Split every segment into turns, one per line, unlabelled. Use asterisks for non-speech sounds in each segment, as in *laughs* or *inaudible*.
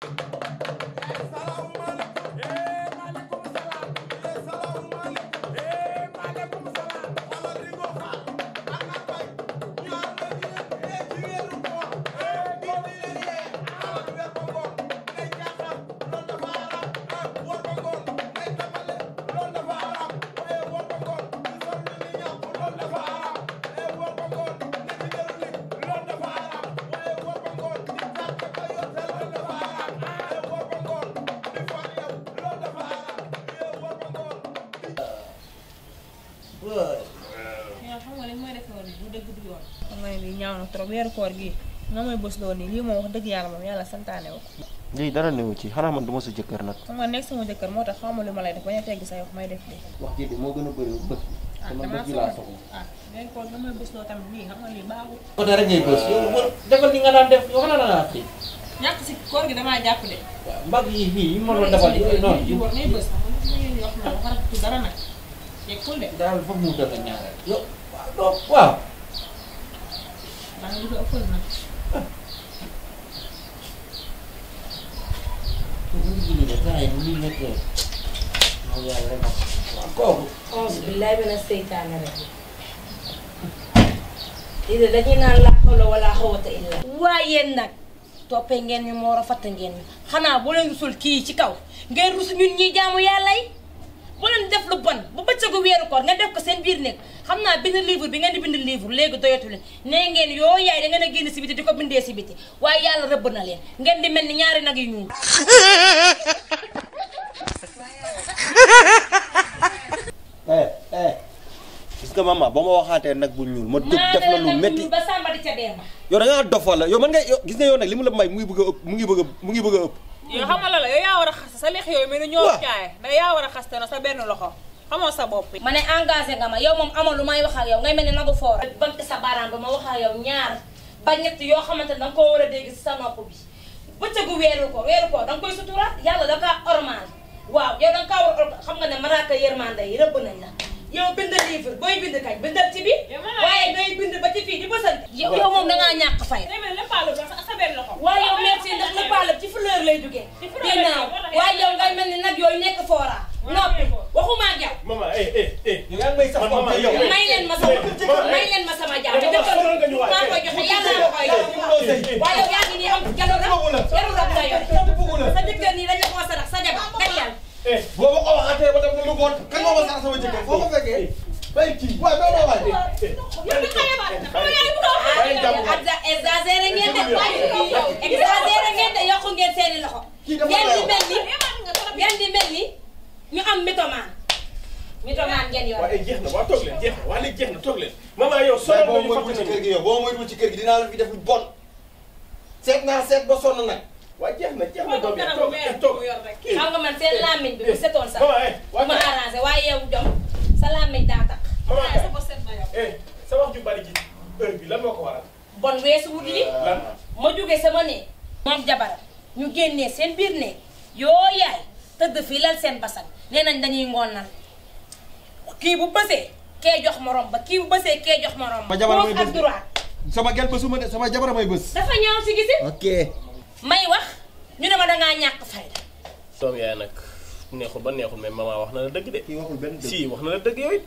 Thank you
nga ne lii na trop weeru koor gi nga may bës loo nii lii moom wax dëgg yàlla moom yàlla santaane karna.
lii dara newu ci xanaa man du ma sa jëkkër nag
xam nga nekk sama jëkkër moo tax lu ma def bañ tegg sa yox may def lii wax ji de bëgg ah ngay koor nga may bës loo tamit lii xam nga ko dara yow
defal li nga daan def yow xanaa naa xëy
ñàkk si koor gi damaa jàpp de
mbag yi fii yi mën la defal yi noonu yi war
ngay bës wax na xaratu dara nag
yekkul de daal foog mu dafa ñaareel waaw
kooku. onze billaay mën seytaane rek. lii de waaye nag toppee ngeen ñu moo rafet ngeen ñu xanaa bu leen rusul kii ci kaw ngeen rusu ñun ñuy jaamu yàlla yi bu leen def lu bon bu bëccëgu weeru koor nga def ko seen biir nekk. xam naa bind livre bi ngeen di bind livre léegi doyatu nee ngeen yoo yaay da ngeen a génn si biti di ko bindee si biti waaye yàlla rëbb na leen ngeen di mel ni ñaari nag yu ñuul. *laughs*
eh eh gis nga maman ba ma waxaatee nag bu ñuul ma dëgg def la lu métti
ba sàmba di ca dee ma
yow da dof wala yow man nga yow gis nga yow nag li mu la may mu ngi bëgg mu ngi bëgg a mu ngi bëgg a ëpp.
yow xam nga la yow yaa war a xas sa lex yooyu mel ni ñoo caay da yaa war a xas te na sa benn loxo Ya, amo sa bopp mané engagé nga ma yow mom amoon lu may wax ak yow ngay melni nagu foora bank sa baram ba ma wax ak yow ñaar ba ñett yoo xamante ne danga koo a dégg sa nopp bi bëccëgu weeru ko weeru ko dang koy sutura yalla da ka ormaal waaw yow dang ka war a xam nga né maraka yërmande yi rebb nañ la yow bind livre boy bind kay bindal ci bi waye ngay bind ba ci fi di bësal yow da nga ñak fay waaye yow merci ndax lëppaalab ci fleur lay jógee ginnaaw yow ngay
may leen ma sama may leen ma sama jàmm dafa maa koy joxe yàlla ma koy joxe waaye yow
yaa ngi nii am jalo la yaru rab la yor sa jëkkër nii dañ la ko sarax sa jabar dajal
boo ma ko waxatee ba def lu bon kan moo ma sarax sama jëkkër foo ko fekkee jeex na waa léegi jeex na toog maman yow sonal boo moytuwul ci kër gi yow boo moytuwul ci kër gi dinaa la fi def lu bon seet naa seet ba sonn set na yow eh, sa wax ju bari ji heure bi lan moo ko
waral bon weesu wut li eh, ma jóge sama ne jabar ñu génnee seen biir ne yoo yaay tëdd fii lal seen basan nee nañ dañuy kee jox morom ba kii bu bësee kee jox morom ba. gauche ak droite
sama gel bësuma de sama jabar may bës.
dafa ñaaw iya, si gisin. ok. may wax ñu ne ma da ngaa ñàkk fayda.
doom yaay nag neexul ba neexul mais maman wax na la dëgg de. kii waxul benn dëgg si wax na la dëgg yooyu.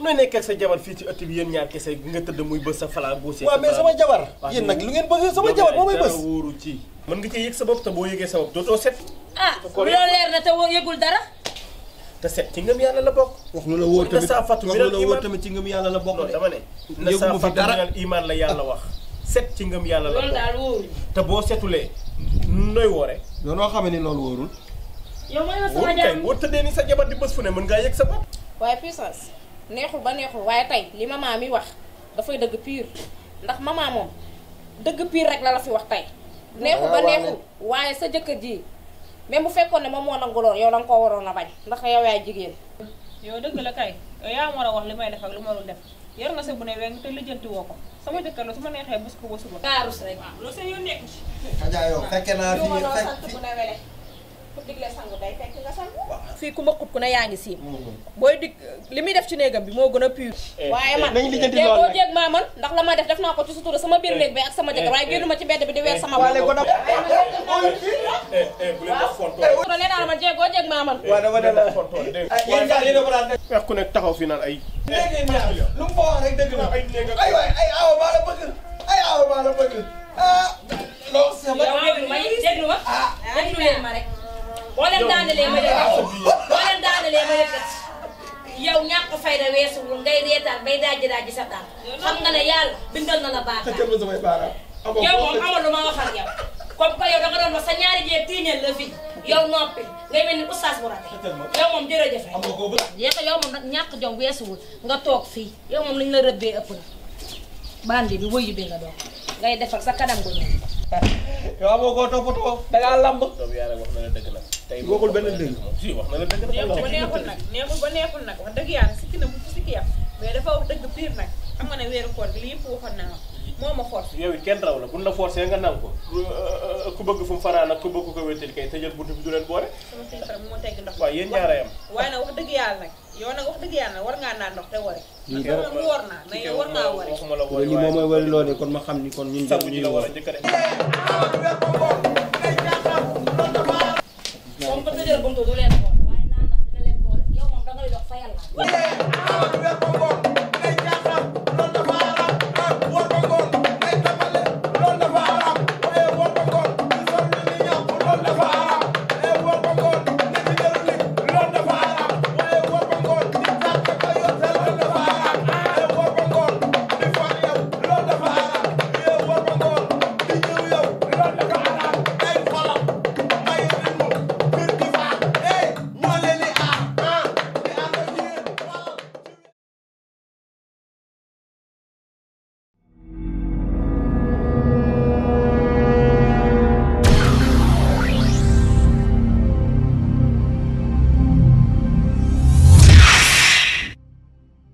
nooy nekk ak sa jabar fii ci ëtt eh, bi yéen ñaar kese nga tëdd muy bës sa fala gauche. waaw mais sama jabar yéen iya, nag lu ngeen bëgg sama jabar moo may bës. wóoru ci mën nga cee yëg sa bopp te boo yëgee ya, sa bopp dootoo set.
ah loolu leer na te yëgul ya dara
te set ci ngëm yàlla la bokk wax lu la wóor tamit wax lu la wóor tamit ci ngëm yàlla la bokk dama ne nasaafatu minal iman la yàlla wax set ci ngëm yàlla la bokk te boo setulee nooy woore noonoo xamee ni loolu wóorul
yow mooy sama jaam wóor
tëddee ni sa jabar di bés fu ne mën ngaa yëg sa bopp
waaye puissance neexul ba neexul waaye tey li maman mi wax dafay dëgg pire ndax maman moom dëgg pire rek la la fi wax tey neexul ba ah, neexul waaye sa jëkkër ji même bu fekkoon ne moom moo nangu lool yow danga koo waroon a bañ ndax yow yaay jigéen. yow dëgg la kay yow yaa war a wax li may def ak lu ma warul def yor nga sa bu ne weng te lijjanti woo ko sama jëkkër la su ma neexee bés ko ba suba. gaarus rek waaw loolu sa yoon nekk ci. xajaa yow fekke naa fi fekk ku digle sangu day fekk nga fii ku ma xut ku ne yaa ngi siim mm-hmm. booy dig li muy def ci néegam bi moo gën a pur eh, waaye eh, man déggoo jéeg maa man ndax la ma def naa ko ci sutura sama biir eh. néeg bi ak sama jëkkër waaye génnuma ci bedd bi di weer sama wala ko daf waaw nee naa la man jéegoo jéeg maa man
wax ku nekk taxaw fi naan ay
lu mu wax na ay waay ay awa baa la bëgg ay awa baa la bëgg ah loolu sama ma déglu ma ah. déglu ma rek boo leen daanalee ma def boo leen daanalee ma def yow ñàkk fayda weesuwul ngay reetaan bay daaji daaji sa taal xam nga ne yàlla bindal na la
baakaar
yow moom amal lu ma wax ak yow comme que yow da nga sa ñaari jee tiiñal la fi yow noppi ngay mel ni oustaz bu rafet yow moom jërëjëf rek yeeta yow moom ñàkk jom weesuwul nga toog fii yow moom lañ la rëbbee ëpp na bandi bi wëyu bi nga doon ngay defar sa kanam gu ñëw
yow amoo koo toppatoo da ngaa lamb tey waxul benn dëgg. wax na la benn dëgg.
neexul ba neexul nag wax dëgg yàlla na bu sikki yàlla mais dëgg biir nag xam nga ne weeru li yëpp waxoon naa moo ma force.
yow it nga naan ko euh, euh, ku bëgg fu mu fanaan ku bëgg ko wéetal kay tëjal buntu bi du leen boole.
sama sëñ Fara moo wax dëgg yàlla nag yow nag wax dëgg yàlla nag war ngaa naan ndox te wari. lii dara man woor naa mais war ngaa wari. waxuma la moom mooy
wari loo de kon ma xam ni kon ñun. sàmm ji la war